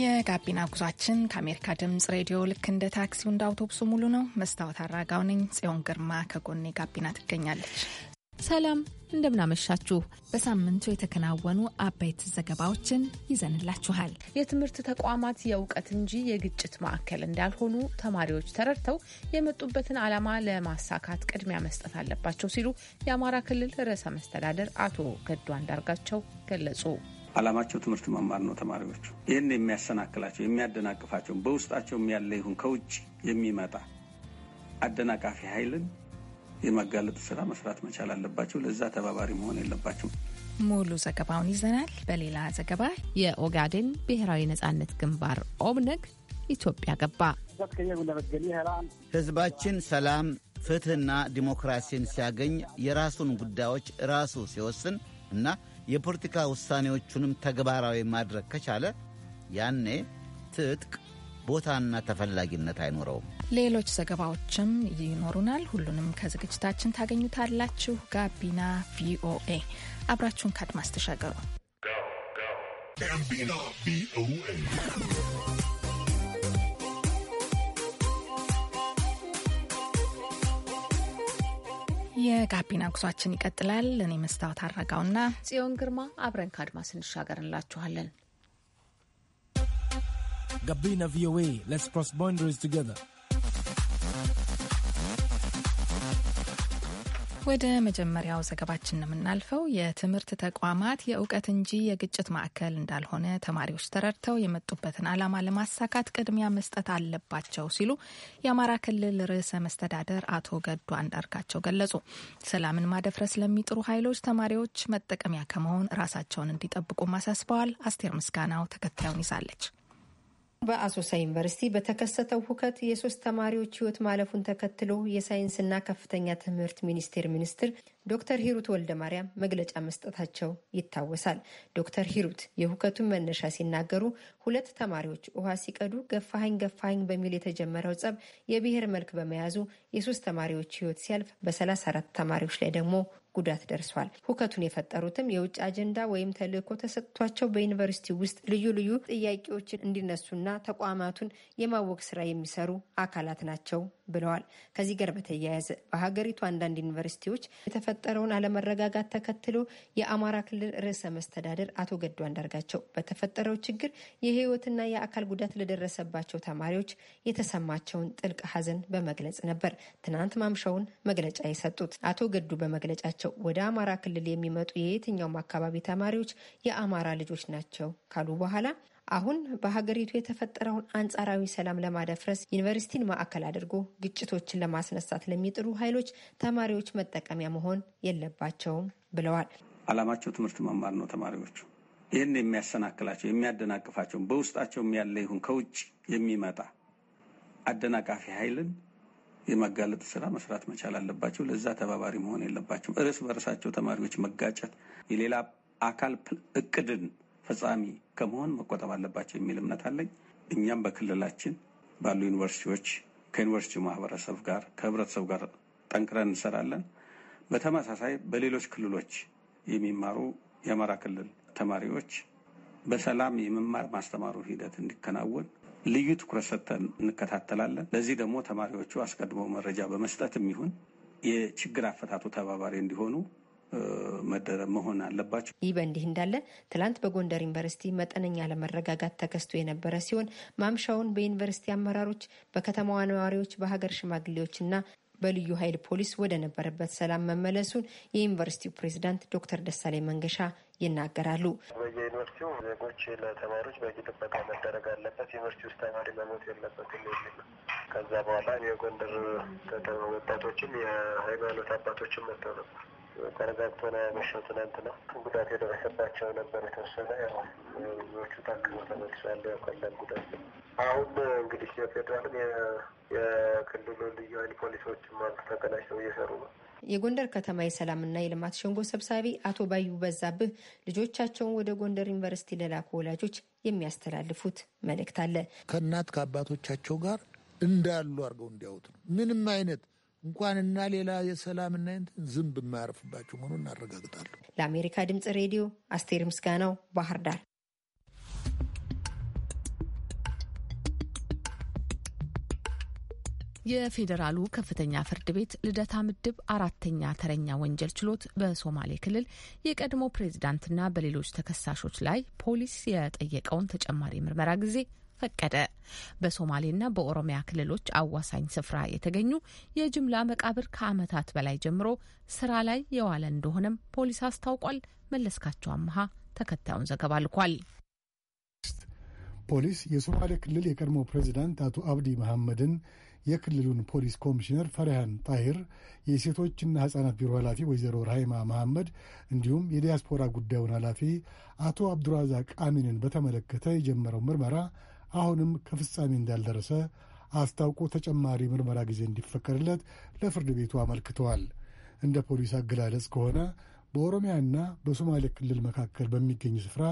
የጋቢና ጉዟችን ከአሜሪካ ድምጽ ሬዲዮ ልክ እንደ ታክሲው እንደ አውቶቡሱ ሙሉ ነው። መስታወት አራጋው ነኝ። ጽዮን ግርማ ከጎኔ ጋቢና ትገኛለች። ሰላም እንደምናመሻችሁ። በሳምንቱ የተከናወኑ አበይት ዘገባዎችን ይዘንላችኋል። የትምህርት ተቋማት የእውቀት እንጂ የግጭት ማዕከል እንዳልሆኑ ተማሪዎች ተረድተው የመጡበትን ዓላማ ለማሳካት ቅድሚያ መስጠት አለባቸው ሲሉ የአማራ ክልል ርዕሰ መስተዳደር አቶ ገዱ አንዳርጋቸው ገለጹ። አላማቸው ትምህርት መማር ነው። ተማሪዎቹ ይህን የሚያሰናክላቸው የሚያደናቅፋቸው በውስጣቸውም ያለ ይሁን ከውጭ የሚመጣ አደናቃፊ ኃይልን የመጋለጥ ስራ መስራት መቻል አለባቸው። ለዛ ተባባሪ መሆን የለባቸው። ሙሉ ዘገባውን ይዘናል። በሌላ ዘገባ የኦጋዴን ብሔራዊ ነጻነት ግንባር ኦብነግ ኢትዮጵያ ገባ። ህዝባችን ሰላም፣ ፍትህና ዲሞክራሲን ሲያገኝ የራሱን ጉዳዮች ራሱ ሲወስን እና የፖለቲካ ውሳኔዎቹንም ተግባራዊ ማድረግ ከቻለ ያኔ ትጥቅ ቦታና ተፈላጊነት አይኖረውም። ሌሎች ዘገባዎችም ይኖሩናል። ሁሉንም ከዝግጅታችን ታገኙታላችሁ። ጋቢና ቪኦኤ አብራችሁን ከአድማስ ተሻገሩ። የጋቢና ጉዟችን ይቀጥላል። እኔ መስታወት አረጋውና ጽዮን ግርማ አብረን ከአድማስ እንሻገር እንላችኋለን። ጋቢና ቪኦኤ ሌትስ ክሮስ ባውንደሪስ ቱጌዘር ወደ መጀመሪያው ዘገባችን የምናልፈው የትምህርት ተቋማት የእውቀት እንጂ የግጭት ማዕከል እንዳልሆነ ተማሪዎች ተረድተው የመጡበትን ዓላማ ለማሳካት ቅድሚያ መስጠት አለባቸው ሲሉ የአማራ ክልል ርዕሰ መስተዳደር አቶ ገዱ አንዳርጋቸው ገለጹ። ሰላምን ማደፍረስ ለሚጥሩ ኃይሎች ተማሪዎች መጠቀሚያ ከመሆን ራሳቸውን እንዲጠብቁ ማሳስበዋል አስቴር ምስጋናው ተከታዩን ይዛለች። በአሶሳ ዩኒቨርሲቲ በተከሰተው ሁከት የሶስት ተማሪዎች ህይወት ማለፉን ተከትሎ የሳይንስና ከፍተኛ ትምህርት ሚኒስቴር ሚኒስትር ዶክተር ሂሩት ወልደ ማርያም መግለጫ መስጠታቸው ይታወሳል። ዶክተር ሂሩት የሁከቱን መነሻ ሲናገሩ ሁለት ተማሪዎች ውሃ ሲቀዱ ገፋሀኝ ገፋሀኝ በሚል የተጀመረው ጸብ የብሔር መልክ በመያዙ የሶስት ተማሪዎች ህይወት ሲያልፍ በ34 ተማሪዎች ላይ ደግሞ ጉዳት ደርሷል። ሁከቱን የፈጠሩትም የውጭ አጀንዳ ወይም ተልዕኮ ተሰጥቷቸው በዩኒቨርሲቲ ውስጥ ልዩ ልዩ ጥያቄዎችን እንዲነሱና ተቋማቱን የማወቅ ስራ የሚሰሩ አካላት ናቸው ብለዋል። ከዚህ ጋር በተያያዘ በሀገሪቱ አንዳንድ ዩኒቨርሲቲዎች የተፈጠረውን አለመረጋጋት ተከትሎ የአማራ ክልል ርዕሰ መስተዳደር አቶ ገዱ አንዳርጋቸው በተፈጠረው ችግር የህይወትና የአካል ጉዳት ለደረሰባቸው ተማሪዎች የተሰማቸውን ጥልቅ ሐዘን በመግለጽ ነበር ትናንት ማምሻውን መግለጫ የሰጡት። አቶ ገዱ በመግለጫቸው ወደ አማራ ክልል የሚመጡ የየትኛውም አካባቢ ተማሪዎች የአማራ ልጆች ናቸው ካሉ በኋላ አሁን በሀገሪቱ የተፈጠረውን አንጻራዊ ሰላም ለማደፍረስ ዩኒቨርሲቲን ማዕከል አድርጎ ግጭቶችን ለማስነሳት ለሚጥሩ ኃይሎች ተማሪዎች መጠቀሚያ መሆን የለባቸውም ብለዋል። አላማቸው ትምህርት መማር ነው። ተማሪዎቹ ይህን የሚያሰናክላቸው የሚያደናቅፋቸው በውስጣቸውም ያለ ይሁን ከውጭ የሚመጣ አደናቃፊ ኃይልን የማጋለጥ ስራ መስራት መቻል አለባቸው። ለዛ ተባባሪ መሆን የለባቸው። እርስ በርሳቸው ተማሪዎች መጋጨት የሌላ አካል እቅድን ፈጻሚ ከመሆን መቆጠብ አለባቸው የሚል እምነት አለኝ። እኛም በክልላችን ባሉ ዩኒቨርሲቲዎች ከዩኒቨርሲቲ ማህበረሰብ ጋር ከህብረተሰቡ ጋር ጠንክረን እንሰራለን። በተመሳሳይ በሌሎች ክልሎች የሚማሩ የአማራ ክልል ተማሪዎች በሰላም የመማር ማስተማሩ ሂደት እንዲከናወን ልዩ ትኩረት ሰጥተን እንከታተላለን። ለዚህ ደግሞ ተማሪዎቹ አስቀድሞ መረጃ በመስጠት የሚሆን የችግር አፈታቱ ተባባሪ እንዲሆኑ መደረብ መሆን አለባቸው። ይህ በእንዲህ እንዳለ ትላንት በጎንደር ዩኒቨርሲቲ መጠነኛ ለመረጋጋት ተከስቶ የነበረ ሲሆን ማምሻውን በዩኒቨርሲቲ አመራሮች፣ በከተማዋ ነዋሪዎች፣ በሀገር ሽማግሌዎች ሽማግሌዎችና በልዩ ኃይል ፖሊስ ወደ ነበረበት ሰላም መመለሱን የዩኒቨርሲቲው ፕሬዚዳንት ዶክተር ደሳሌ መንገሻ ይናገራሉ። በየዩኒቨርሲቲው ዜጎች ለተማሪዎች በቂ ጥበቃ መደረግ አለበት፣ ዩኒቨርሲቲ ውስጥ ተማሪ መሞት የለበትም ከዛ በኋላ የጎንደር ወጣቶችም የሃይማኖት አባቶችም መጥተው ነበር ተረጋግቶ ነው ያመሸው። ነው ጉዳት የደረሰባቸው ነበር የተወሰነ ያው ብዙዎቹ ታክመው ተመልሷል። ቀላል ጉዳት ነው። አሁን እንግዲህ የፌዴራልም የክልሉ ልዩ ኃይል ፖሊሶችም አንዱ ተቀናጅተው እየሰሩ ነው። የጎንደር ከተማ የሰላምና የልማት ሸንጎ ሰብሳቢ አቶ ባዩ በዛብህ ልጆቻቸውን ወደ ጎንደር ዩኒቨርሲቲ ለላኩ ወላጆች የሚያስተላልፉት መልእክት አለ። ከእናት ከአባቶቻቸው ጋር እንዳሉ አድርገው እንዲያዩት ምንም አይነት እንኳንና ሌላ የሰላምና እንትን ዝንብ የማያርፍባቸው መሆኑን እናረጋግጣለሁ። ለአሜሪካ ድምፅ ሬዲዮ አስቴር ምስጋናው ባህር ዳር። የፌዴራሉ ከፍተኛ ፍርድ ቤት ልደታ ምድብ አራተኛ ተረኛ ወንጀል ችሎት በሶማሌ ክልል የቀድሞ ፕሬዝዳንትና በሌሎች ተከሳሾች ላይ ፖሊስ የጠየቀውን ተጨማሪ ምርመራ ጊዜ ፈቀደ። በሶማሌና በኦሮሚያ ክልሎች አዋሳኝ ስፍራ የተገኙ የጅምላ መቃብር ከዓመታት በላይ ጀምሮ ስራ ላይ የዋለ እንደሆነም ፖሊስ አስታውቋል። መለስካቸው አመሃ ተከታዩን ዘገባ ልኳል። ፖሊስ የሶማሌ ክልል የቀድሞ ፕሬዚዳንት አቶ አብዲ መሐመድን የክልሉን ፖሊስ ኮሚሽነር ፈሪሃን ጣሂር፣ የሴቶችና ህጻናት ቢሮ ኃላፊ ወይዘሮ ራሂማ መሐመድ እንዲሁም የዲያስፖራ ጉዳዩን ኃላፊ አቶ አብዱራዛቅ አሚንን በተመለከተ የጀመረው ምርመራ አሁንም ከፍጻሜ እንዳልደረሰ አስታውቆ ተጨማሪ ምርመራ ጊዜ እንዲፈቀድለት ለፍርድ ቤቱ አመልክተዋል። እንደ ፖሊስ አገላለጽ ከሆነ በኦሮሚያና በሶማሌ ክልል መካከል በሚገኝ ስፍራ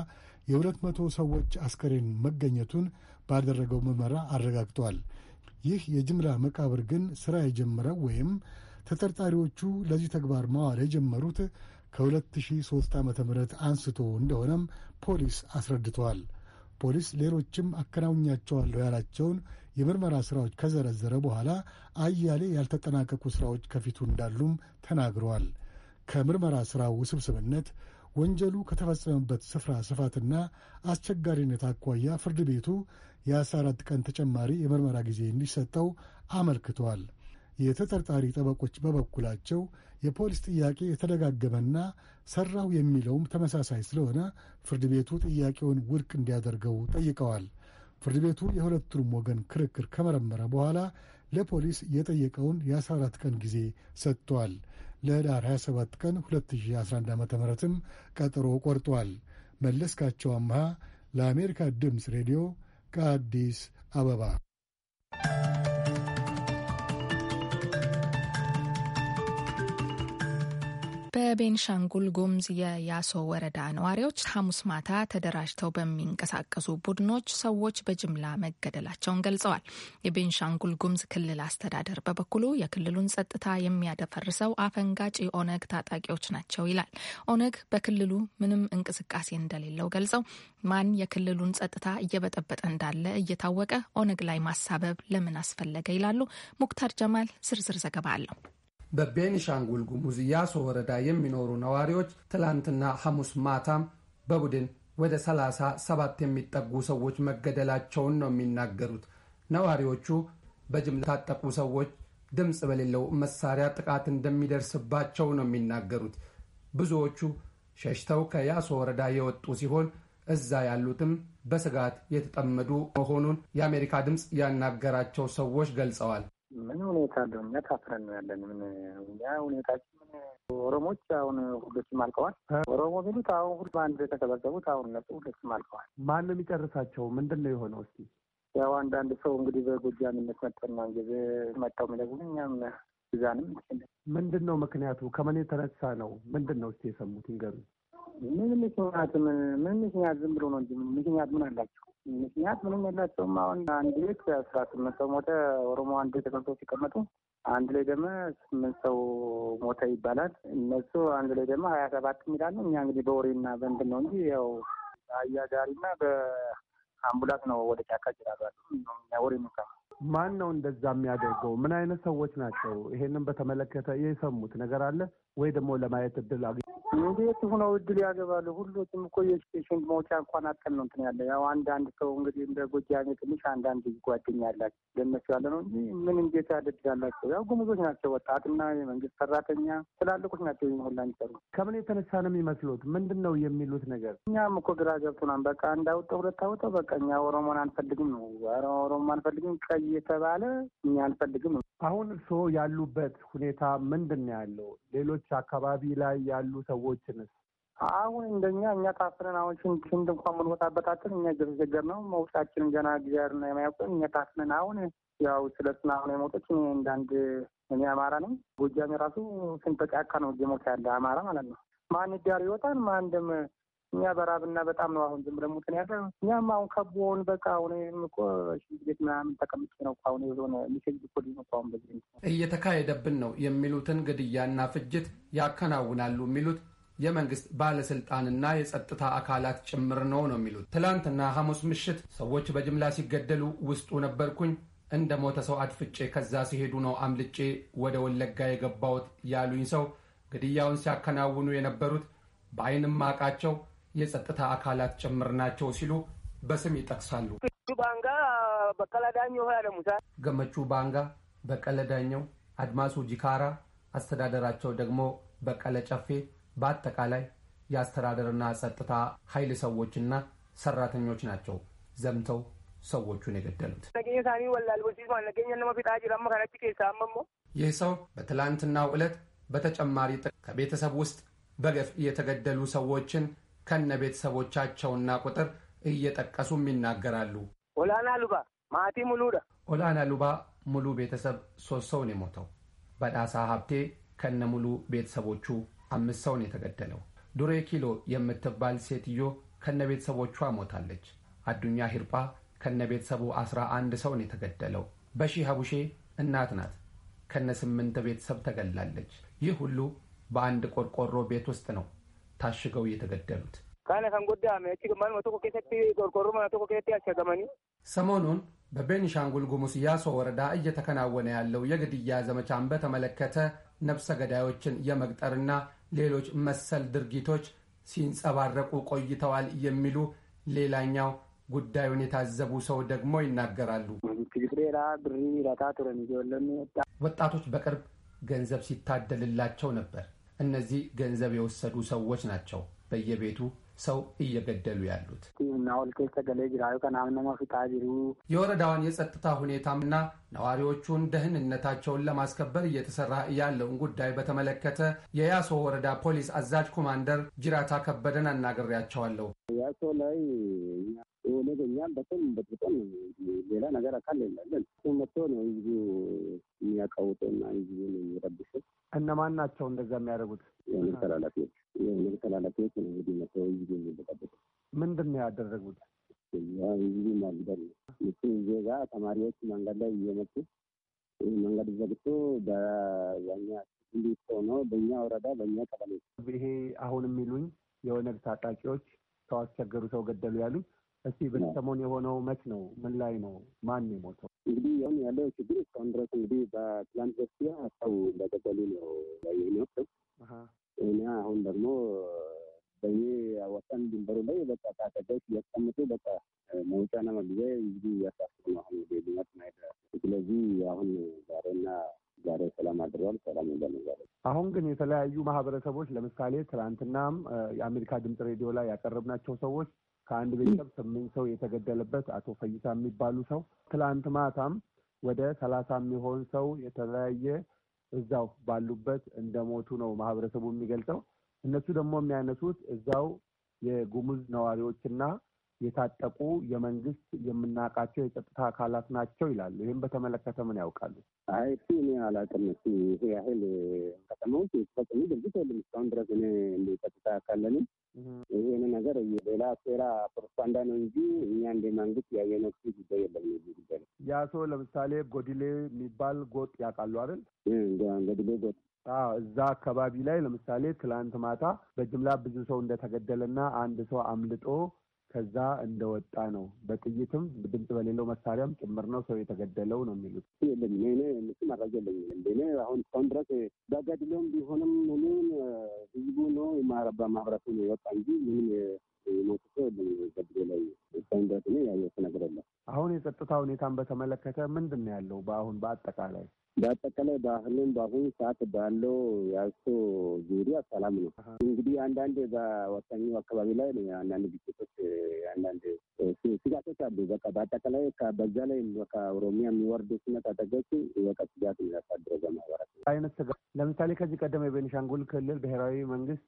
የሁለት መቶ ሰዎች አስከሬን መገኘቱን ባደረገው ምርመራ አረጋግጧል። ይህ የጅምላ መቃብር ግን ስራ የጀመረው ወይም ተጠርጣሪዎቹ ለዚህ ተግባር ማዋል የጀመሩት ከ2003 ዓ ም አንስቶ እንደሆነም ፖሊስ አስረድተዋል። ፖሊስ ሌሎችም አከናውኛቸዋለሁ ያላቸውን የምርመራ ስራዎች ከዘረዘረ በኋላ አያሌ ያልተጠናቀቁ ስራዎች ከፊቱ እንዳሉም ተናግረዋል። ከምርመራ ስራው ውስብስብነት፣ ወንጀሉ ከተፈጸመበት ስፍራ ስፋትና አስቸጋሪነት አኳያ ፍርድ ቤቱ የ14 ቀን ተጨማሪ የምርመራ ጊዜ እንዲሰጠው አመልክቷል። የተጠርጣሪ ጠበቆች በበኩላቸው የፖሊስ ጥያቄ የተደጋገመና ሰራው የሚለውም ተመሳሳይ ስለሆነ ፍርድ ቤቱ ጥያቄውን ውድቅ እንዲያደርገው ጠይቀዋል። ፍርድ ቤቱ የሁለቱንም ወገን ክርክር ከመረመረ በኋላ ለፖሊስ የጠየቀውን የ14 ቀን ጊዜ ሰጥቷል። ለኅዳር 27 ቀን 2011 ዓ ም ቀጠሮ ቆርጧል። መለስካቸው አምሃ ለአሜሪካ ድምፅ ሬዲዮ ከአዲስ አበባ በቤንሻንጉል ጉሙዝ የያሶ ወረዳ ነዋሪዎች ሐሙስ ማታ ተደራጅተው በሚንቀሳቀሱ ቡድኖች ሰዎች በጅምላ መገደላቸውን ገልጸዋል። የቤንሻንጉል ጉሙዝ ክልል አስተዳደር በበኩሉ የክልሉን ጸጥታ የሚያደፈርሰው አፈንጋጭ የኦነግ ታጣቂዎች ናቸው ይላል። ኦነግ በክልሉ ምንም እንቅስቃሴ እንደሌለው ገልጸው ማን የክልሉን ጸጥታ እየበጠበጠ እንዳለ እየታወቀ ኦነግ ላይ ማሳበብ ለምን አስፈለገ ይላሉ። ሙክታር ጀማል ዝርዝር ዘገባ አለው። በቤኒሻንጉል ጉሙዝ ያሶ ወረዳ የሚኖሩ ነዋሪዎች ትላንትና ሐሙስ ማታም በቡድን ወደ ሰላሳ ሰባት የሚጠጉ ሰዎች መገደላቸውን ነው የሚናገሩት። ነዋሪዎቹ በጅምላ ታጠቁ ሰዎች ድምፅ በሌለው መሳሪያ ጥቃት እንደሚደርስባቸው ነው የሚናገሩት። ብዙዎቹ ሸሽተው ከያሶ ወረዳ የወጡ ሲሆን እዛ ያሉትም በስጋት የተጠመዱ መሆኑን የአሜሪካ ድምፅ ያናገራቸው ሰዎች ገልጸዋል። ምን ሁኔታ አለው? እኛ ታፍረን ነው ያለን። ምን እኛ ሁኔታችን ምን ኦሮሞች አሁን ሁሎችም አልቀዋል። ኦሮሞ ሚሉት አሁን ሁሉ በአንድ የተሰበሰቡት አሁን ነጡ ሁሎችም አልቀዋል። ማን ነው የሚጨርሳቸው? ምንድን ነው የሆነው? እስቲ ያው አንዳንድ ሰው እንግዲህ በጎጃምነት መጠን ነው ጊዜ መጣው የሚለጉን እኛም ብዛንም ምንድን ነው ምክንያቱ? ከምን የተነሳ ነው? ምንድን ነው እስቲ የሰሙት ይንገሩ። ምን ምክንያት ምን ምክንያት ዝም ብሎ ነው እንጂ ምክንያት ምን አላቸው? ምክንያት ምንም የላቸውም። አሁን አንድ ቤት አስራ ስምንት ሰው ሞተ። ኦሮሞ አንድ ቤት ተቀምጦ ሲቀመጡ አንድ ላይ ደግሞ ስምንት ሰው ሞተ ይባላል። እነሱ አንድ ላይ ደግሞ ሀያ ሰባት የሚላሉ እኛ እንግዲህ በወሬና በእንትን ነው እንጂ ያው አያ ጋሪና በአምቡላንስ ነው ወደ ጫካ ይችላሉ ወሬ ምንሰማ ማን ነው እንደዛ የሚያደርገው? ምን አይነት ሰዎች ናቸው? ይሄንን በተመለከተ የሰሙት ነገር አለ ወይ? ደግሞ ለማየት እድል አግ እንዴት ሁነው እድል ያገባሉ? ሁሉም እኮ የኤጁኬሽን መውጫ እንኳን አጠል ነው እንትን ያለ ያው አንዳንድ ሰው እንግዲህ እንደ ጎጃሜ ትንሽ አንዳንድ ጓደኛ ያላቸው ለነሱ ያለ ነው እንጂ ምን እንዴት ያደድላላቸው? ያው ጉምዞች ናቸው፣ ወጣትና የመንግስት ሰራተኛ ትላልቆች ናቸው። ሁላ ሚሰሩ ከምን የተነሳ ነው የሚመስሉት? ምንድን ነው የሚሉት ነገር? እኛም እኮ ግራ ገብቶናል። በቃ እንዳውጠ ሁለት አውጠ በቃ እኛ ኦሮሞን አንፈልግም ነው ኦሮሞ አንፈልግም ቀይ እየተባለ እኛ አንፈልግም። አሁን እርስዎ ያሉበት ሁኔታ ምንድን ነው ያለው? ሌሎች አካባቢ ላይ ያሉ ሰዎችንስ? አሁን እንደኛ እኛ ታፍነን አሁን ሽንት ሽንት እንኳን ምንወጣበታችን እኛ ገር ነው መውጣችንን ገና ጊዜር ነው የማያውቀን። እኛ ታፍነን አሁን ያው ስለ ስና አሁን የሞቶች እንዳንድ እኔ አማራ ነኝ። ጎጃም የራሱ ስንት በጫካ ነው እየሞተ ያለ አማራ ማለት ነው። ማን ዳር ይወጣል ማን ደም እኛ በራብና በጣም ነው አሁን ዝም ብለን ያለ እኛም አሁን ከቦን በቃ አሁን እኮ ሽንት ቤት ምናምን ተቀምጬ ነው አሁን የሆነ ሚሴጅ ኮዲ ነው አሁን በዚህ እየተካሄደብን ነው የሚሉትን ግድያና ፍጅት ያከናውናሉ የሚሉት የመንግስት ባለስልጣንና የጸጥታ አካላት ጭምር ነው ነው የሚሉት። ትላንትና ሐሙስ ምሽት ሰዎች በጅምላ ሲገደሉ ውስጡ ነበርኩኝ። እንደ ሞተ ሰው አድፍጬ ከዛ ሲሄዱ ነው አምልጬ ወደ ወለጋ የገባሁት ያሉኝ ሰው ግድያውን ሲያከናውኑ የነበሩት በአይንም አቃቸው የጸጥታ አካላት ጭምር ናቸው ሲሉ በስም ይጠቅሳሉ። ገመቹ ባንጋ፣ በቀለዳኛው አድማሱ ጂካራ፣ አስተዳደራቸው ደግሞ በቀለ ጨፌ በአጠቃላይ የአስተዳደርና ጸጥታ ኃይል ሰዎችና ሰራተኞች ናቸው ዘምተው ሰዎቹን የገደሉት። ይህ ሰው በትላንትናው ዕለት በተጨማሪ ከቤተሰብ ውስጥ በገፍ የተገደሉ ሰዎችን ከነ ቤተሰቦቻቸውና ቁጥር እየጠቀሱም ይናገራሉ። ኦላና ሉባ ማቲ ሙሉ ኦላና ሉባ ሙሉ ቤተሰብ ሶስት ሰውን የሞተው። በዳሳ ሀብቴ ከነ ሙሉ ቤተሰቦቹ አምስት ሰውን የተገደለው። ዱሬ ኪሎ የምትባል ሴትዮ ከነ ቤተሰቦቿ ሞታለች። አዱኛ ሂርጳ ከነ ቤተሰቡ አስራ አንድ ሰውን የተገደለው። በሺ ሀቡሼ እናት ናት ከነ ስምንት ቤተሰብ ተገላለች። ይህ ሁሉ በአንድ ቆርቆሮ ቤት ውስጥ ነው። ታሽገው የተገደሉት። ሰሞኑን በቤኒሻንጉል ጉሙዝ ያሶ ወረዳ እየተከናወነ ያለው የግድያ ዘመቻን በተመለከተ ነፍሰ ገዳዮችን የመቅጠርና ሌሎች መሰል ድርጊቶች ሲንጸባረቁ ቆይተዋል የሚሉ ሌላኛው ጉዳዩን የታዘቡ ሰው ደግሞ ይናገራሉ። ወጣቶች በቅርብ ገንዘብ ሲታደልላቸው ነበር። እነዚህ ገንዘብ የወሰዱ ሰዎች ናቸው በየቤቱ ሰው እየገደሉ ያሉት። የወረዳውን የጸጥታ ሁኔታምና ነዋሪዎቹን ደህንነታቸውን ለማስከበር እየተሰራ ያለውን ጉዳይ በተመለከተ የያሶ ወረዳ ፖሊስ አዛዥ ኮማንደር ጅራታ ከበደን አናግሬያቸዋለሁ። ያሶ ላይ ነገኛም በጣም በጣም ሌላ ነገር አካል የላለን መጥቶ ነው ህዝቡ የሚያቃውጠውና ህዝቡን የሚረብሸ ከነማን ናቸው እንደዛ የሚያደርጉት? የወንጀል ተላላፊዎች። የወንጀል ተላላፊዎች እንግዲህ መተው ህዝብ የሚበጣበጡ ምንድን ነው ያደረጉት? ህዝብ ማግደል ነው። ልክ ዜጋ ተማሪዎች መንገድ ላይ እየመጡ መንገድ ዘግቶ በኛ እንዴት ሆኖ በእኛ ወረዳ በእኛ ቀበሌ ይሄ አሁን የሚሉኝ የኦነግ ታጣቂዎች ሰው አስቸገሩ፣ ሰው ገደሉ ያሉኝ እስቲ በሰሞን የሆነው መች ነው? ምን ላይ ነው? ማን የሞተው? እንግዲህ አሁን ያለው ችግር እስካሁን ድረስ እንግዲህ በትላንት በስቲያ ሰው እንደገደሉ ነው ያየሁት እና አሁን ደግሞ በኔ ወሰን ድንበሩ ላይ በቃ ታጠቆች እያስቀምጡ በቃ መውጫ ነው ጊዜ እንግዲህ እያሳስሩ ነው። አሁን እንግዲህ ሊመት ማይደ ስለዚህ አሁን ዛሬና ዛሬ ሰላም አድሯል። ሰላም የለም አሁን ግን የተለያዩ ማህበረሰቦች ለምሳሌ ትናንትናም የአሜሪካ ድምፅ ሬዲዮ ላይ ያቀረብናቸው ሰዎች ከአንድ ቤተሰብ ስምንት ሰው የተገደለበት አቶ ፈይሳ የሚባሉ ሰው ትላንት ማታም ወደ ሰላሳ የሚሆን ሰው የተለያየ እዛው ባሉበት እንደሞቱ ነው ማህበረሰቡ የሚገልጸው። እነሱ ደግሞ የሚያነሱት እዛው የጉሙዝ ነዋሪዎችና የታጠቁ የመንግስት የምናውቃቸው የጸጥታ አካላት ናቸው ይላሉ። ይህም በተመለከተ ምን ያውቃሉ? አይ እሱ እኔ አላውቅም። እሱ ይሄ ያህል ከተማ ውስጥ የተፈጸሙ ድርጊት የለም እስካሁን ድረስ እኔ እንደ ጸጥታ አካል ይህን ነገር ሌላ ሴራ ፕሮፓጋንዳ ነው እንጂ እኛ እንደ መንግስት ያየነው ጉዳይ የለም። እዚህ ጉዳይ ያ ሰው ለምሳሌ ጎድሌ የሚባል ጎጥ ያውቃሉ አይደል? ጎድሌ ጎጥ እዛ አካባቢ ላይ ለምሳሌ ትላንት ማታ በጅምላ ብዙ ሰው እንደተገደለና አንድ ሰው አምልጦ ከዛ እንደወጣ ነው። በጥይትም ድምፅ በሌለው መሳሪያም ጭምር ነው ሰው የተገደለው ነው የሚሉት። የለኝ ኔ ምስ መረጃ የለኝም። ኔ አሁን እስካሁን ድረስ በገድሎም ቢሆንም ምንም ህዝቡ ነው ማህበረሰቡ ነው የወጣ እንጂ ምንም የጸጥታ ሁኔታን በተመለከተ ምንድን ነው ያለው? በአሁን በአጠቃላይ በአጠቃላይ በአሁኑም በአሁኑ ሰዓት ባለው ያሶ ዙሪያ ሰላም ነው። እንግዲህ አንዳንድ በወሳኙ አካባቢ ላይ አንዳንድ ግጭቶች፣ አንዳንድ ስጋቶች አሉ። በቃ በአጠቃላይ በዛ ላይ ከኦሮሚያ የሚወርዱ ስነት አጠገች በቃ ስጋት የሚያሳድረው በማህበራት አይነት ስጋ ለምሳሌ ከዚህ ቀደም የቤኒሻንጉል ክልል ብሔራዊ መንግስት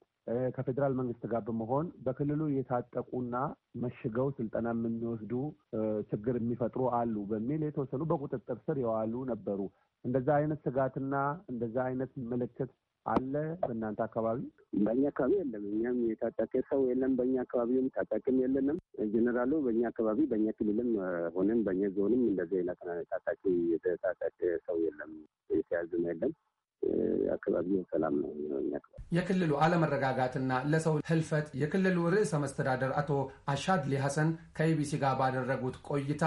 ከፌዴራል መንግስት ጋር በመሆን በክልሉ የታጠቁና መሽገው ስልጠና የሚወስዱ ችግር የሚፈጥሩ አሉ በሚል የተወሰኑ በቁጥጥር ስር የዋሉ ነበሩ። እንደዛ አይነት ስጋትና እንደዛ አይነት ምልክት አለ በእናንተ አካባቢ? በእኛ አካባቢ የለም። እኛም የታጠቀ ሰው የለም። በእኛ አካባቢም ታጠቅም የለንም። ጀኔራሉ በእኛ አካባቢ በእኛ ክልልም ሆነም በእኛ ዞንም እንደዚህ አይነት ታጣቂ ሰው የለም፣ የተያዝም የለም። አካባቢውን ሰላም ነው የሚያቅበ የክልሉ አለመረጋጋትና ለሰው ህልፈት የክልሉ ርዕሰ መስተዳደር አቶ አሻድሊ ሐሰን ከኢቢሲ ጋር ባደረጉት ቆይታ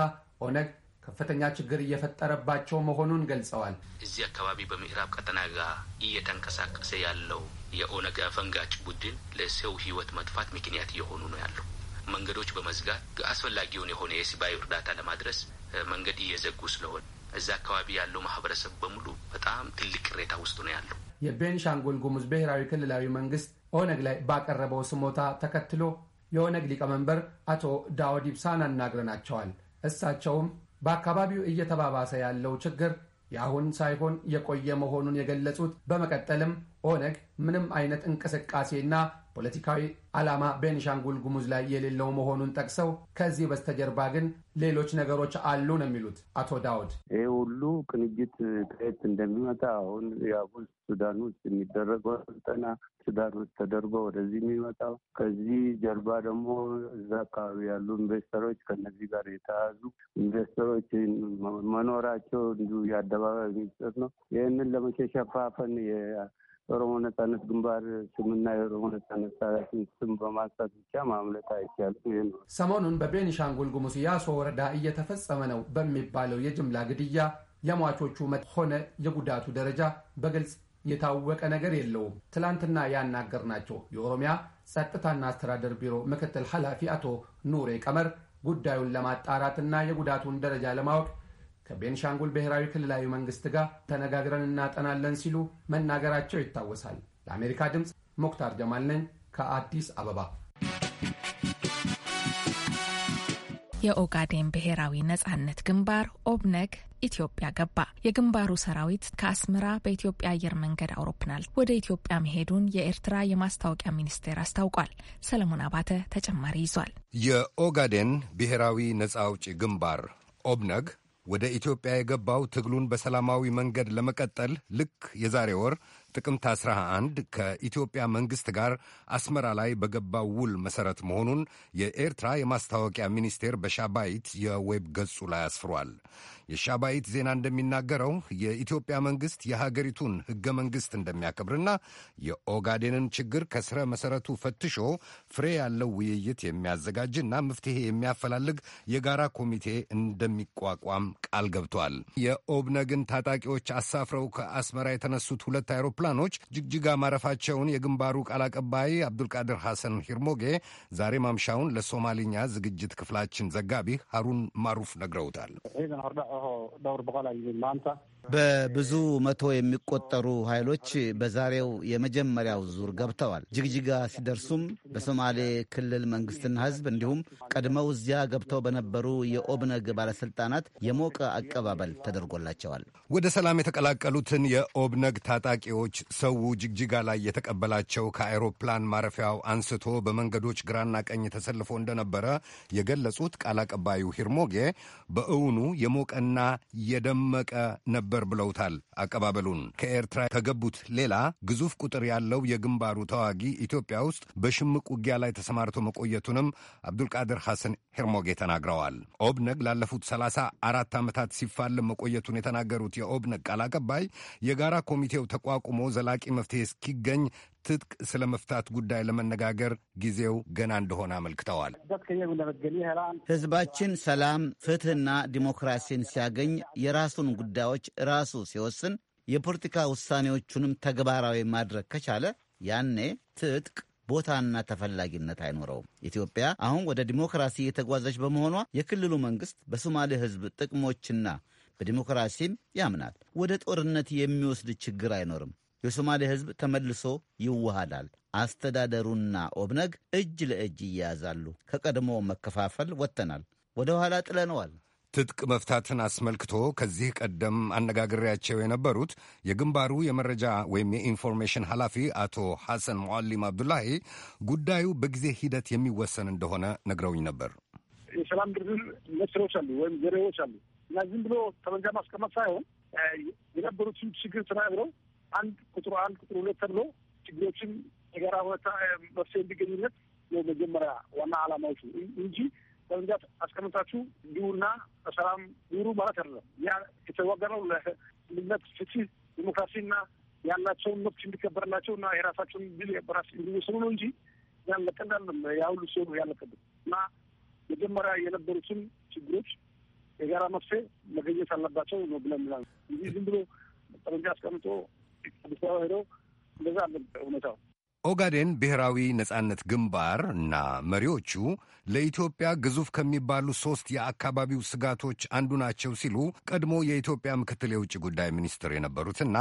ኦነግ ከፍተኛ ችግር እየፈጠረባቸው መሆኑን ገልጸዋል። እዚህ አካባቢ በምዕራብ ቀጠና ጋር እየተንቀሳቀሰ ያለው የኦነግ አፈንጋጭ ቡድን ለሰው ህይወት መጥፋት ምክንያት እየሆኑ ነው ያለው። መንገዶች በመዝጋት አስፈላጊውን የሆነ የሰብአዊ እርዳታ ለማድረስ መንገድ እየዘጉ ስለሆነ እዛ አካባቢ ያለው ማህበረሰብ በሙሉ በጣም ትልቅ ቅሬታ ውስጥ ነው ያለው። የቤንሻንጉል ጉሙዝ ብሔራዊ ክልላዊ መንግስት ኦነግ ላይ ባቀረበው ስሞታ ተከትሎ የኦነግ ሊቀመንበር አቶ ዳውድ ኢብሳን አናግረናቸዋል። እሳቸውም በአካባቢው እየተባባሰ ያለው ችግር የአሁን ሳይሆን የቆየ መሆኑን የገለጹት በመቀጠልም ኦነግ ምንም አይነት እንቅስቃሴና ፖለቲካዊ ዓላማ በኒሻንጉል ጉሙዝ ላይ የሌለው መሆኑን ጠቅሰው ከዚህ በስተጀርባ ግን ሌሎች ነገሮች አሉ ነው የሚሉት አቶ ዳውድ። ይህ ሁሉ ቅንጅት ከየት እንደሚመጣ አሁን የአቡል ሱዳን ውስጥ የሚደረገው ስልጠና ሱዳን ውስጥ ተደርጎ ወደዚህ የሚመጣው ከዚህ ጀርባ ደግሞ እዛ አካባቢ ያሉ ኢንቨስተሮች ከነዚህ ጋር የተያዙ ኢንቨስተሮች መኖራቸው እንዲሁ የአደባባይ ሚስጥር ነው። ይህንን ለመሸሸፋፈን ኦሮሞ ነጻነት ግንባር ስምና የኦሮሞ ነጻነት ሰራዊትን ስም በማንሳት ብቻ ማምለጥ አይቻልም። ይህ ነው። ሰሞኑን በቤኒሻንጉል ጉሙዝ ያሶ ወረዳ እየተፈጸመ ነው በሚባለው የጅምላ ግድያ የሟቾቹ ሆነ የጉዳቱ ደረጃ በግልጽ የታወቀ ነገር የለውም። ትላንትና ያናገርናቸው የኦሮሚያ ጸጥታና አስተዳደር ቢሮ ምክትል ኃላፊ አቶ ኑሬ ቀመር ጉዳዩን ለማጣራትና የጉዳቱን ደረጃ ለማወቅ ከቤንሻንጉል ብሔራዊ ክልላዊ መንግስት ጋር ተነጋግረን እናጠናለን ሲሉ መናገራቸው ይታወሳል። ለአሜሪካ ድምፅ ሙክታር ጀማል ነኝ ከአዲስ አበባ። የኦጋዴን ብሔራዊ ነጻነት ግንባር ኦብነግ ኢትዮጵያ ገባ። የግንባሩ ሰራዊት ከአስመራ በኢትዮጵያ አየር መንገድ አውሮፕላን ወደ ኢትዮጵያ መሄዱን የኤርትራ የማስታወቂያ ሚኒስቴር አስታውቋል። ሰለሞን አባተ ተጨማሪ ይዟል። የኦጋዴን ብሔራዊ ነጻ አውጪ ግንባር ኦብነግ ወደ ኢትዮጵያ የገባው ትግሉን በሰላማዊ መንገድ ለመቀጠል ልክ የዛሬ ወር ጥቅምት 11 ከኢትዮጵያ መንግሥት ጋር አስመራ ላይ በገባው ውል መሠረት መሆኑን የኤርትራ የማስታወቂያ ሚኒስቴር በሻባይት የዌብ ገጹ ላይ አስፍሯል። የሻባይት ዜና እንደሚናገረው የኢትዮጵያ መንግስት የሀገሪቱን ህገ መንግስት እንደሚያከብርና የኦጋዴንን ችግር ከስረ መሰረቱ ፈትሾ ፍሬ ያለው ውይይት የሚያዘጋጅና መፍትሄ የሚያፈላልግ የጋራ ኮሚቴ እንደሚቋቋም ቃል ገብቷል። የኦብነግን ታጣቂዎች አሳፍረው ከአስመራ የተነሱት ሁለት አይሮፕላኖች ጅግጅጋ ማረፋቸውን የግንባሩ ቃል አቀባይ አብዱልቃድር ሐሰን ሂርሞጌ ዛሬ ማምሻውን ለሶማሊኛ ዝግጅት ክፍላችን ዘጋቢ ሀሩን ማሩፍ ነግረውታል። oo dhowr boqol a maanta በብዙ መቶ የሚቆጠሩ ኃይሎች በዛሬው የመጀመሪያው ዙር ገብተዋል። ጅግጅጋ ሲደርሱም በሶማሌ ክልል መንግስትና ህዝብ እንዲሁም ቀድመው እዚያ ገብተው በነበሩ የኦብነግ ባለስልጣናት የሞቀ አቀባበል ተደርጎላቸዋል። ወደ ሰላም የተቀላቀሉትን የኦብነግ ታጣቂዎች ሰው ጅግጅጋ ላይ የተቀበላቸው ከአውሮፕላን ማረፊያው አንስቶ በመንገዶች ግራና ቀኝ ተሰልፎ እንደነበረ የገለጹት ቃል አቀባዩ ሂርሞጌ በእውኑ የሞቀና የደመቀ ነበር ነበር ብለውታል። አቀባበሉን ከኤርትራ ከገቡት ሌላ ግዙፍ ቁጥር ያለው የግንባሩ ተዋጊ ኢትዮጵያ ውስጥ በሽምቅ ውጊያ ላይ ተሰማርቶ መቆየቱንም አብዱልቃድር ሐሰን ሄርሞጌ ተናግረዋል። ኦብነግ ላለፉት ሰላሳ አራት ዓመታት ሲፋለም መቆየቱን የተናገሩት የኦብነግ ቃል አቀባይ የጋራ ኮሚቴው ተቋቁሞ ዘላቂ መፍትሄ እስኪገኝ ትጥቅ ስለ መፍታት ጉዳይ ለመነጋገር ጊዜው ገና እንደሆነ አመልክተዋል። ህዝባችን ሰላም፣ ፍትህና ዲሞክራሲን ሲያገኝ የራሱን ጉዳዮች ራሱ ሲወስን የፖለቲካ ውሳኔዎቹንም ተግባራዊ ማድረግ ከቻለ ያኔ ትጥቅ ቦታና ተፈላጊነት አይኖረውም። ኢትዮጵያ አሁን ወደ ዲሞክራሲ እየተጓዘች በመሆኗ የክልሉ መንግሥት በሶማሌ ሕዝብ ጥቅሞችና በዲሞክራሲም ያምናል። ወደ ጦርነት የሚወስድ ችግር አይኖርም። የሶማሌ ሕዝብ ተመልሶ ይዋሃዳል። አስተዳደሩና ኦብነግ እጅ ለእጅ ይያያዛሉ። ከቀድሞ መከፋፈል ወጥተናል፣ ወደ ኋላ ጥለነዋል። ትጥቅ መፍታትን አስመልክቶ ከዚህ ቀደም አነጋግሬያቸው የነበሩት የግንባሩ የመረጃ ወይም የኢንፎርሜሽን ኃላፊ አቶ ሐሰን ሙዓሊም አብዱላሂ ጉዳዩ በጊዜ ሂደት የሚወሰን እንደሆነ ነግረውኝ ነበር። የሰላም ድርድር መስሮች አሉ ወይም ዘሬዎች አሉ እና ዝም ብሎ ጠመንጃ ማስቀመጥ ሳይሆን የነበሩትን ችግር ተናግረው አንድ ቁጥሩ አንድ ቁጥሩ ሁለት ተብሎ ችግሮችን የጋራ ሁኔታ መፍትሄ እንዲገኙለት ነው መጀመሪያ ዋና ዓላማዎቹ እንጂ በብዛት አስቀምጣችሁ እንዲሁና በሰላም ኑሩ ማለት አይደለም። ያ የተዋገነው ለልነት ፍትህ፣ ዲሞክራሲና ያላቸውን መብት እንዲከበርላቸው እና የራሳቸውን ድል በራስ እንዲወስኑ ነው እንጂ ያለቀዳለም ያሁሉ ሲሆኑ ያለቀብን እና መጀመሪያ የነበሩትን ችግሮች የጋራ መፍትሄ መገኘት አለባቸው ነው ብለን ዝም ብሎ ጠመንጃ አስቀምጦ ኦጋዴን ብሔራዊ ነጻነት ግንባር እና መሪዎቹ ለኢትዮጵያ ግዙፍ ከሚባሉ ሶስት የአካባቢው ስጋቶች አንዱ ናቸው ሲሉ ቀድሞ የኢትዮጵያ ምክትል የውጭ ጉዳይ ሚኒስትር የነበሩትና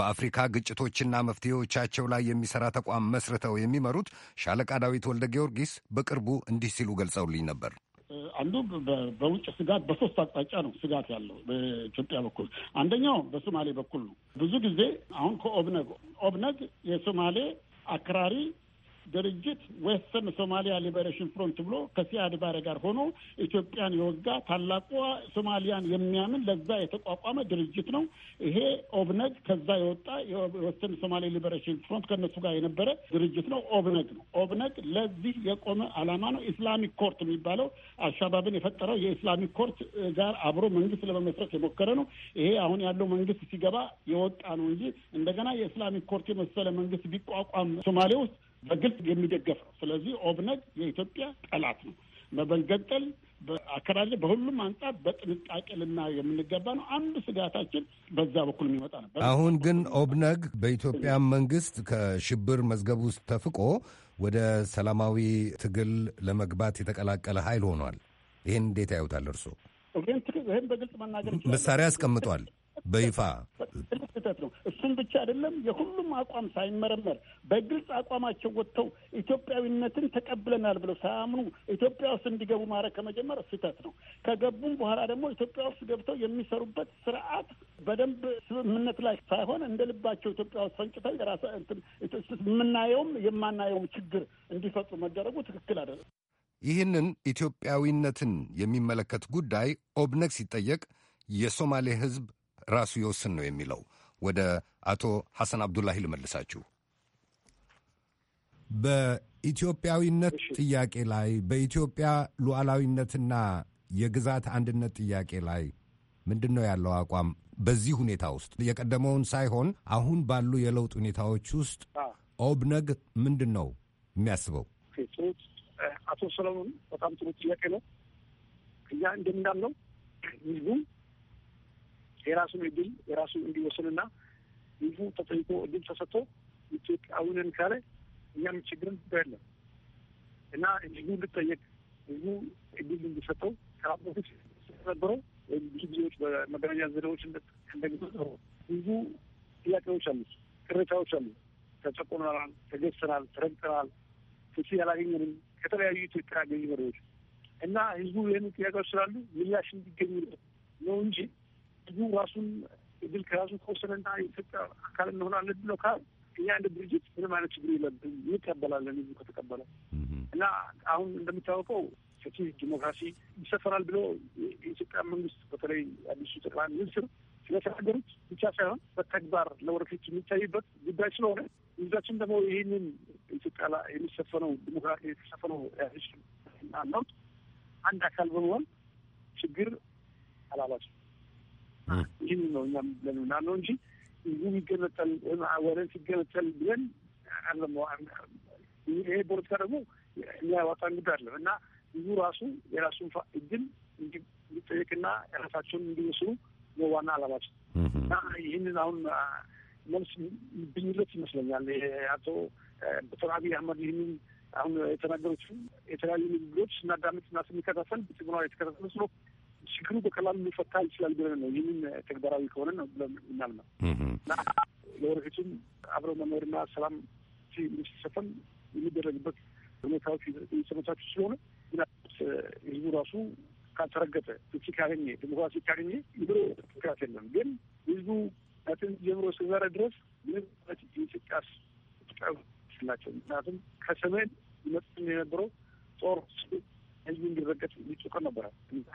በአፍሪካ ግጭቶችና መፍትሄዎቻቸው ላይ የሚሰራ ተቋም መስርተው የሚመሩት ሻለቃ ዳዊት ወልደ ጊዮርጊስ በቅርቡ እንዲህ ሲሉ ገልጸውልኝ ነበር። አንዱ በውጭ ስጋት በሶስት አቅጣጫ ነው ስጋት ያለው በኢትዮጵያ በኩል አንደኛው በሶማሌ በኩል ነው። ብዙ ጊዜ አሁን ከኦብነግ ኦብነግ የሶማሌ አክራሪ ድርጅት ዌስተርን ሶማሊያ ሊበሬሽን ፍሮንት ብሎ ከሲያድ ባሬ ጋር ሆኖ ኢትዮጵያን የወጋ ታላቋ ሶማሊያን የሚያምን ለዛ የተቋቋመ ድርጅት ነው። ይሄ ኦብነግ ከዛ የወጣ የዌስተርን ሶማሊያ ሊበሬሽን ፍሮንት ከነሱ ጋር የነበረ ድርጅት ነው። ኦብነግ ነው። ኦብነግ ለዚህ የቆመ አላማ ነው። ኢስላሚክ ኮርት የሚባለው አልሻባብን የፈጠረው የኢስላሚክ ኮርት ጋር አብሮ መንግስት ለመመስረት የሞከረ ነው። ይሄ አሁን ያለው መንግስት ሲገባ የወጣ ነው እንጂ እንደገና የኢስላሚክ ኮርት የመሰለ መንግስት ቢቋቋም ሶማሌ ውስጥ በግልጽ የሚደገፍ ነው። ስለዚህ ኦብነግ የኢትዮጵያ ጠላት ነው። መበንገጠል አከራለ በሁሉም አንጻር በጥንቃቄ ልና የምንገባ ነው። አንድ ስጋታችን በዛ በኩል የሚመጣ ነበር። አሁን ግን ኦብነግ በኢትዮጵያ መንግስት ከሽብር መዝገብ ውስጥ ተፍቆ ወደ ሰላማዊ ትግል ለመግባት የተቀላቀለ ኃይል ሆኗል። ይህን እንዴት ያዩታል እርስዎ? ይህን በግልጽ መናገር መሳሪያ አስቀምጧል በይፋ ስህተት ነው። እሱም ብቻ አይደለም፣ የሁሉም አቋም ሳይመረመር በግልጽ አቋማቸው ወጥተው ኢትዮጵያዊነትን ተቀብለናል ብለው ሳያምኑ ኢትዮጵያ ውስጥ እንዲገቡ ማድረግ ከመጀመር ስህተት ነው። ከገቡም በኋላ ደግሞ ኢትዮጵያ ውስጥ ገብተው የሚሰሩበት ስርዓት በደንብ ስምምነት ላይ ሳይሆን እንደ ልባቸው ኢትዮጵያ ውስጥ ፈንጭተው የራሳ የምናየውም የማናየውም ችግር እንዲፈጥሩ መደረጉ ትክክል አይደለም። ይህንን ኢትዮጵያዊነትን የሚመለከት ጉዳይ ኦብነግ ሲጠየቅ የሶማሌ ሕዝብ ራሱ ይወስን ነው የሚለው። ወደ አቶ ሐሰን አብዱላሂ ልመልሳችሁ። በኢትዮጵያዊነት ጥያቄ ላይ በኢትዮጵያ ሉዓላዊነትና የግዛት አንድነት ጥያቄ ላይ ምንድን ነው ያለው አቋም? በዚህ ሁኔታ ውስጥ የቀደመውን ሳይሆን አሁን ባሉ የለውጥ ሁኔታዎች ውስጥ ኦብነግ ምንድን ነው የሚያስበው? አቶ ሰለሞን፣ በጣም ጥሩ ጥያቄ ነው። እኛ እንደምናምነው ህዝቡ የራሱን እድል የራሱ እንዲወስንና ህዝቡ ተጠይቆ እድል ተሰጥቶ ኢትዮጵያዊንን ካለ እኛም ችግርን ያለን እና ህዝቡ እንድጠየቅ ህዝቡ እድል እንዲሰጠው ከራቦቶች ተሰበረው ወይም ብዙ ጊዜዎች በመገናኛ ዘዴዎች እንደሚሰሩ ብዙ ጥያቄዎች አሉ፣ ቅሬታዎች አሉ። ተጨቆነናል፣ ተገሰናል፣ ተረግጠናል፣ ፍትህ ያላገኘንም ከተለያዩ ኢትዮጵያ ገኝ መሪዎች እና ህዝቡ ይህን ጥያቄዎች ስላሉ ምላሽ እንዲገኙ ነው እንጂ ብዙ ራሱን እድል ከራሱ ከወሰነና የኢትዮጵያ አካል እንሆናለን ብሎ ካል እኛ እንደ ድርጅት ምንም አይነት ችግር የለብን እንቀበላለን። ህዝቡ ከተቀበለ እና አሁን እንደሚታወቀው ሰፊ ዲሞክራሲ ይሰፈራል ብሎ የኢትዮጵያ መንግስት በተለይ አዲሱ ጠቅላይ ሚኒስትር ስለተናገሩት ብቻ ሳይሆን በተግባር ለወደፊት የሚታይበት ጉዳይ ስለሆነ ህዝባችን ደግሞ ይህንን ኢትዮጵያ ላይ የሚሰፈነው ዲሞክራሲ የተሰፈነው ያሽ ለውጥ አንድ አካል በመሆን ችግር አላላቸው ይህን ነው እኛም ብለን ምናለው እንጂ ህዝብ ይገነጠል ወደን ሲገነጠል ብለን አለመ ይሄ ፖለቲካ ደግሞ የሚያዋጣን ጉዳይ አለ እና ብዙ ራሱ የራሱን እድል እንዲጠየቅና የራሳቸውን እንዲወስኑ ነው ዋና አላማቸው እና ይህንን አሁን መልስ ብኝለት ይመስለኛል አቶ ዶክተር አብይ አህመድ ይህንን አሁን የተናገሩት የተለያዩ ንግግሮች ስናዳምጥ እና ስንከታተል ብጽግና የተከታተለ ስሎ ችግሩ በቀላሉ ሊፈታ ይችላል ብለን ነው ይህንን ተግባራዊ ከሆነ ነው ብለን ምናምነው እና ለወደፊቱም አብረው መኖርና ሰላም ሲሰፈን የሚደረግበት ሁኔታዎች የተመቻቹ ስለሆነ ምናልባት ህዝቡ ራሱ ካልተረገጠ ፍቺ ካገኘ ዲሞክራሲ ካገኘ ይብሮ ትክራት የለም። ግን ህዝቡ ትን ጀምሮ እስከዛሬ ድረስ ምንም የኢትዮጵያ ስላቸው ምክንያቱም ከሰሜን ይመጥ የነበረው ጦር ህዝቡ እንዲረገጥ ሊጮቀር ነበረ።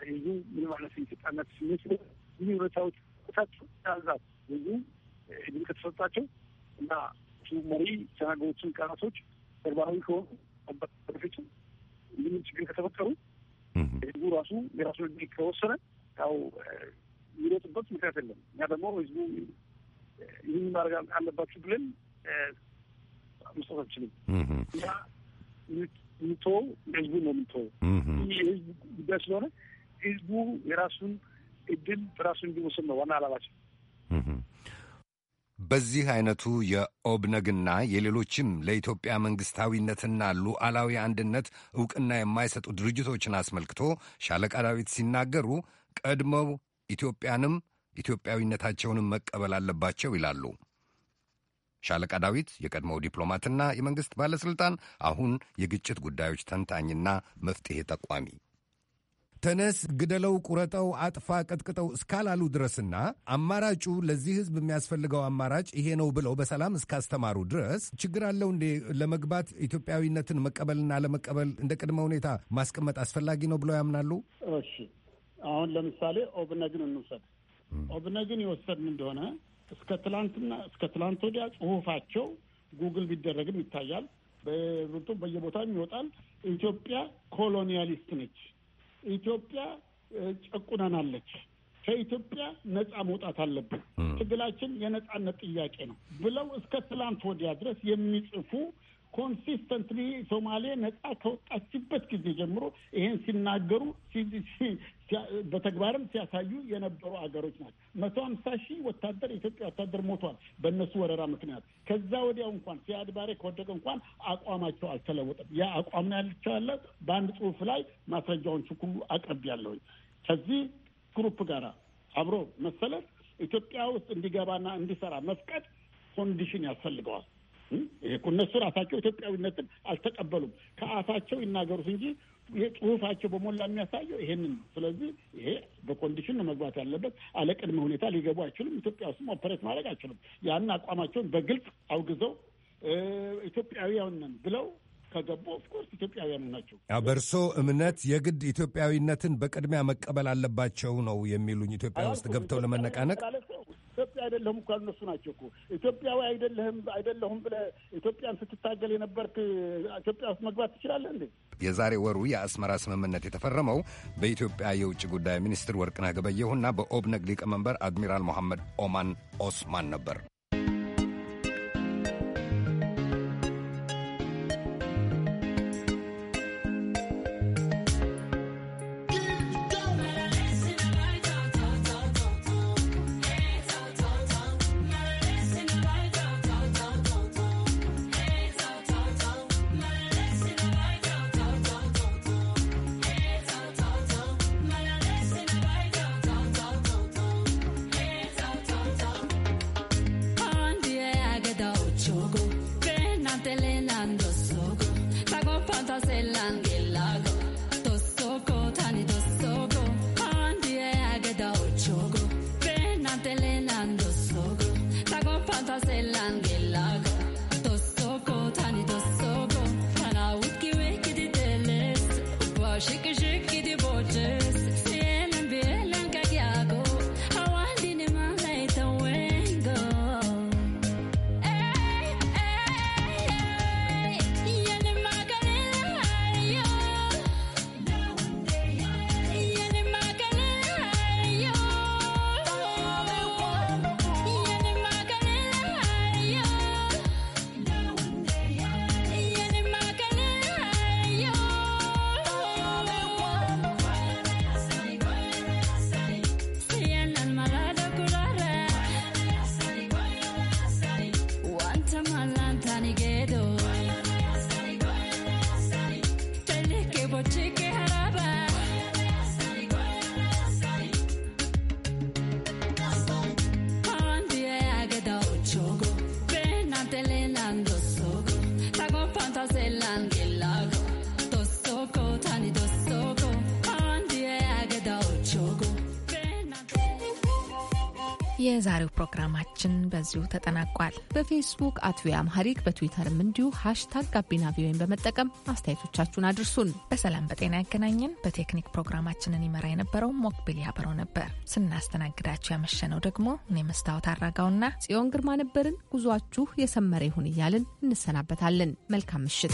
ህዝቡ ምን ማለት የኢትዮጵያነት ስሜት ስለ ብዙ ሁኔታዎች ቁታት ያዛት ህዝቡ እድል ከተሰጣቸው እና መሪ ተናገሮችን ቃላቶች ተግባራዊ ከሆኑ በፊት ይህንን ችግር ከተፈጠሩ ህዝቡ ራሱ የራሱ እድል ከወሰነ ያው የሚሮጥበት ምክንያት የለም። እኛ ደግሞ ህዝቡ ይህን ማድረግ አለባችሁ ብለን መስጠት አንችልም። የምትወው ለህዝቡ ነው የምትወው። ይህ የህዝብ ጉዳይ ስለሆነ ህዝቡ የራሱን እድል በራሱ እንዲወስን ነው ዋና አላማችን። በዚህ አይነቱ የኦብነግና የሌሎችም ለኢትዮጵያ መንግስታዊነትና ሉዓላዊ አንድነት እውቅና የማይሰጡ ድርጅቶችን አስመልክቶ ሻለቃ ዳዊት ሲናገሩ ቀድመው ኢትዮጵያንም ኢትዮጵያዊነታቸውንም መቀበል አለባቸው ይላሉ። ሻለቃ ዳዊት የቀድሞው ዲፕሎማትና የመንግሥት ባለሥልጣን አሁን የግጭት ጉዳዮች ተንታኝና መፍትሔ ጠቋሚ ተነስ፣ ግደለው፣ ቁረጠው፣ አጥፋ፣ ቀጥቅጠው እስካላሉ ድረስና አማራጩ ለዚህ ሕዝብ የሚያስፈልገው አማራጭ ይሄ ነው ብለው በሰላም እስካስተማሩ ድረስ ችግር አለው እንዴ? ለመግባት ኢትዮጵያዊነትን መቀበልና ለመቀበል እንደ ቅድመ ሁኔታ ማስቀመጥ አስፈላጊ ነው ብለው ያምናሉ? እሺ፣ አሁን ለምሳሌ ኦብነግን እንውሰድ። ኦብነግን የወሰድን እንደሆነ እስከ ትላንትና እስከ ትላንት ወዲያ ጽሁፋቸው ጉግል ቢደረግም ይታያል። በሩቱ በየቦታም ይወጣል። ኢትዮጵያ ኮሎኒያሊስት ነች። ኢትዮጵያ ጨቁነናለች። ከኢትዮጵያ ነጻ መውጣት አለብን። ትግላችን የነጻነት ጥያቄ ነው ብለው እስከ ትላንት ወዲያ ድረስ የሚጽፉ ኮንሲስተንትሊ ሶማሌ ነጻ ከወጣችበት ጊዜ ጀምሮ ይሄን ሲናገሩ በተግባርም ሲያሳዩ የነበሩ አገሮች ናቸው። መቶ ሀምሳ ሺህ ወታደር የኢትዮጵያ ወታደር ሞቷል በእነሱ ወረራ ምክንያት። ከዛ ወዲያው እንኳን ሲያድ ባሬ ከወደቀ እንኳን አቋማቸው አልተለወጠም። ያ አቋም ነው ያልቻለ። በአንድ ጽሁፍ ላይ ማስረጃዎቹ ሁሉ አቅርብ ያለሁኝ ከዚህ ግሩፕ ጋር አብሮ መሰለፍ ኢትዮጵያ ውስጥ እንዲገባና እንዲሰራ መፍቀድ ኮንዲሽን ያስፈልገዋል። እነሱ ራሳቸው ኢትዮጵያዊነትን አልተቀበሉም። ከአፋቸው ይናገሩት እንጂ ጽሁፋቸው በሞላ የሚያሳየው ይሄንን ነው። ስለዚህ ይሄ በኮንዲሽን ነው መግባት ያለበት። አለቅድመ ሁኔታ ሊገቡ አይችሉም። ኢትዮጵያ ውስጥም ኦፐሬት ማድረግ አይችሉም። ያን አቋማቸውን በግልጽ አውግዘው ኢትዮጵያዊያንን ብለው ከገቡ ኦፍኮርስ ኢትዮጵያውያን ናቸው። በእርሶ እምነት የግድ ኢትዮጵያዊነትን በቅድሚያ መቀበል አለባቸው ነው የሚሉኝ? ኢትዮጵያ ውስጥ ገብተው ለመነቃነቅ አይደለሁም እኮ እነሱ ናቸው እኮ ኢትዮጵያዊ አይደለህም አይደለሁም ብለህ ኢትዮጵያን ስትታገል የነበርክ ኢትዮጵያ ውስጥ መግባት ትችላለህ እንዴ? የዛሬ ወሩ የአስመራ ስምምነት የተፈረመው በኢትዮጵያ የውጭ ጉዳይ ሚኒስትር ወርቅነህ ገበየሁና በኦብነግ ሊቀመንበር አድሚራል ሞሐመድ ኦማን ኦስማን ነበር። Chicken. የዛሬው ፕሮግራማችን በዚሁ ተጠናቋል። በፌስቡክ አት ቪኦኤ አምሃሪክ በትዊተርም እንዲሁ ሃሽታግ ጋቢና ቪኦኤን በመጠቀም አስተያየቶቻችሁን አድርሱን። በሰላም በጤና ያገናኘን። በቴክኒክ ፕሮግራማችንን ይመራ የነበረው ሞክቢል ያበረው ነበር። ስናስተናግዳችሁ ያመሸነው ደግሞ እኔ መስታወት አራጋውና ጽዮን ግርማ ነበርን። ጉዟችሁ የሰመረ ይሁን እያልን እንሰናበታለን። መልካም ምሽት።